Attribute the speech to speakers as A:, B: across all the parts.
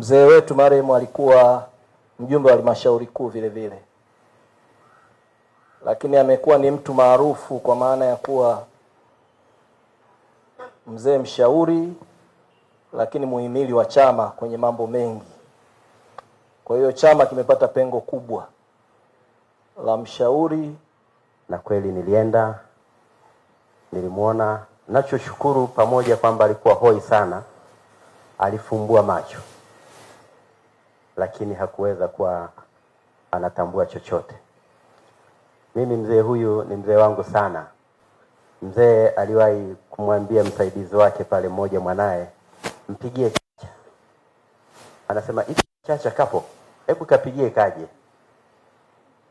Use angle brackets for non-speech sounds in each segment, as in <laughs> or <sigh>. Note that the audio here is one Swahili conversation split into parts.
A: Mzee wetu marehemu alikuwa mjumbe wa halmashauri kuu vile vile, lakini amekuwa ni mtu maarufu kwa maana ya kuwa mzee mshauri, lakini muhimili wa chama kwenye mambo mengi. Kwa hiyo chama kimepata pengo kubwa la mshauri, na kweli nilienda nilimwona. Nachoshukuru pamoja kwamba alikuwa hoi sana, alifumbua macho lakini hakuweza kuwa anatambua chochote. Mimi mzee huyu ni mzee wangu sana. Mzee aliwahi kumwambia msaidizi wake pale mmoja, mwanaye mpigie chacha, anasema hichi chacha kapo, hebu kapigie kaje.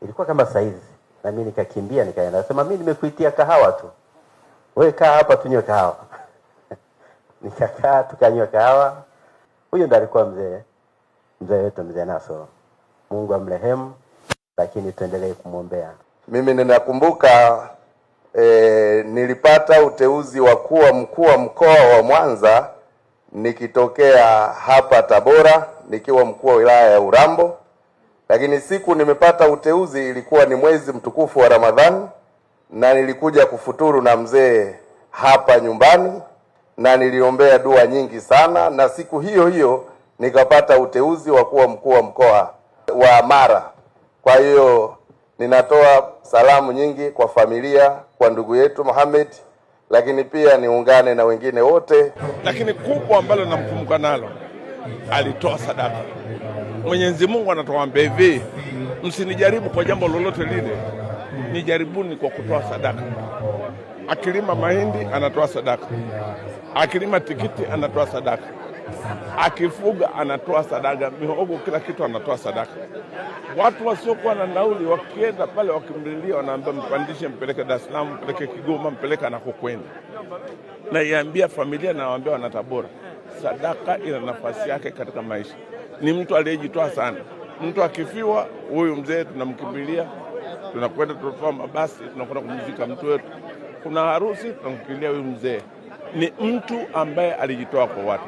A: Ilikuwa kama saizi, na mimi nikakimbia nikaenda, anasema mimi nimekuitia kahawa tu, wewe kaa hapa tunywe kahawa. <laughs> Nikakaa tukanywa kahawa. Huyo ndo alikuwa mzee mzee wetu mzee Naso. Mungu amrehemu, lakini tuendelee kumwombea.
B: Mimi ninakumbuka e, nilipata uteuzi wa kuwa mkuu wa mkoa wa Mwanza nikitokea hapa Tabora nikiwa mkuu wa wilaya ya Urambo, lakini siku nimepata uteuzi ilikuwa ni mwezi mtukufu wa Ramadhani, na nilikuja kufuturu na mzee hapa nyumbani na niliombea dua nyingi sana, na siku hiyo hiyo nikapata uteuzi wa kuwa mkuu wa mkoa wa Mara. Kwa hiyo ninatoa salamu nyingi kwa familia, kwa ndugu yetu Mohamed, lakini pia niungane na wengine wote.
C: Lakini kubwa ambalo namkumbuka nalo, alitoa sadaka. Mwenyezi Mungu anatuambia hivi, msinijaribu kwa jambo lolote lile, nijaribuni kwa kutoa sadaka. Akilima mahindi anatoa sadaka, akilima tikiti anatoa sadaka akifuga anatoa sadaka, mihogo, kila kitu anatoa sadaka. Watu wasiokuwa na nauli wakienda pale, wakimlilia, wanaambia mpandishe, mpeleke Dar es Salaam, mpeleke Kigoma, mpeleke anakokwenda. Naiambia familia, nawaambia wanatabora, sadaka ina nafasi yake katika maisha. Ni mtu aliyejitoa sana. Mtu akifiwa, huyu mzee tunamkimbilia, tunakwenda tunatoa mabasi, tunakwenda kumzika mtu wetu. Kuna harusi, tunamkimbilia huyu mzee. Ni mtu ambaye alijitoa kwa watu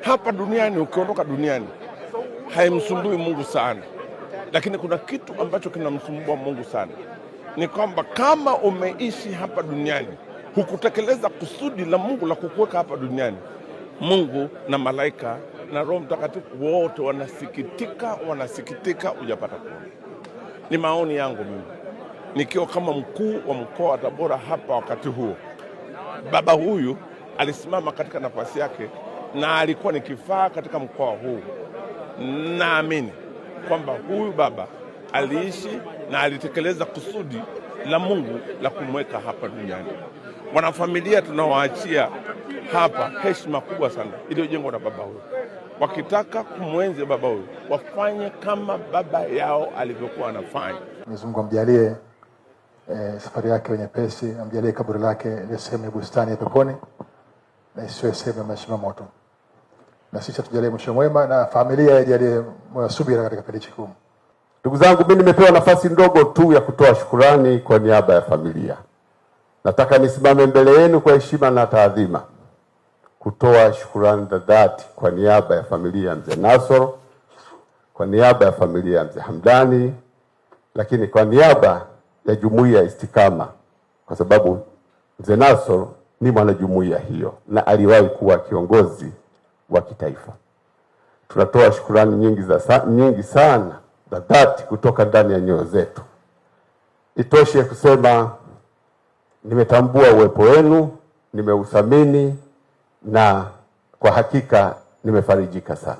C: hapa duniani, ukiondoka duniani haimsumbui Mungu sana, lakini kuna kitu ambacho kinamsumbua Mungu sana, ni kwamba kama umeishi hapa duniani hukutekeleza kusudi la Mungu la kukuweka hapa duniani, Mungu na malaika na Roho Mtakatifu wote wanasikitika, wanasikitika hujapata kuona. Ni maoni yangu mimi nikiwa kama mkuu wa mkoa wa Tabora hapa wakati huo, baba huyu alisimama katika nafasi yake na alikuwa ni kifaa katika mkoa huu. Naamini kwamba huyu baba aliishi na alitekeleza kusudi la Mungu la kumweka hapa duniani. Wanafamilia tunawaachia hapa heshima kubwa sana iliyojengwa na baba huyu. Wakitaka kumwenzi baba huyu wafanye kama baba yao alivyokuwa anafanya.
D: Mwenyezi Mungu amjalie eh, safari yake pesi amjalie kaburi lake sehemu ya bustani ya peponi na isiwe sehemu ya mashimo moto na sisi tujalie mwisho mwema na familia ijalie subira katika kipindi kigumu.
E: Ndugu zangu, mimi nimepewa nafasi ndogo tu ya kutoa shukurani kwa niaba ya familia. Nataka nisimame mbele yenu kwa heshima na taadhima kutoa shukurani za dhati kwa niaba ya familia ya mzee Nasoro, kwa niaba ya familia ya mzee Hamdani, lakini kwa niaba ya jumuiya ya Istikama, kwa sababu mzee Nasoro ni mwanajumuiya hiyo na aliwahi kuwa kiongozi wa kitaifa. Tunatoa shukurani nyingi, za, nyingi sana za dhati kutoka ndani ya nyoyo zetu. Itoshe kusema nimetambua uwepo wenu, nimeuthamini na kwa hakika nimefarijika sana.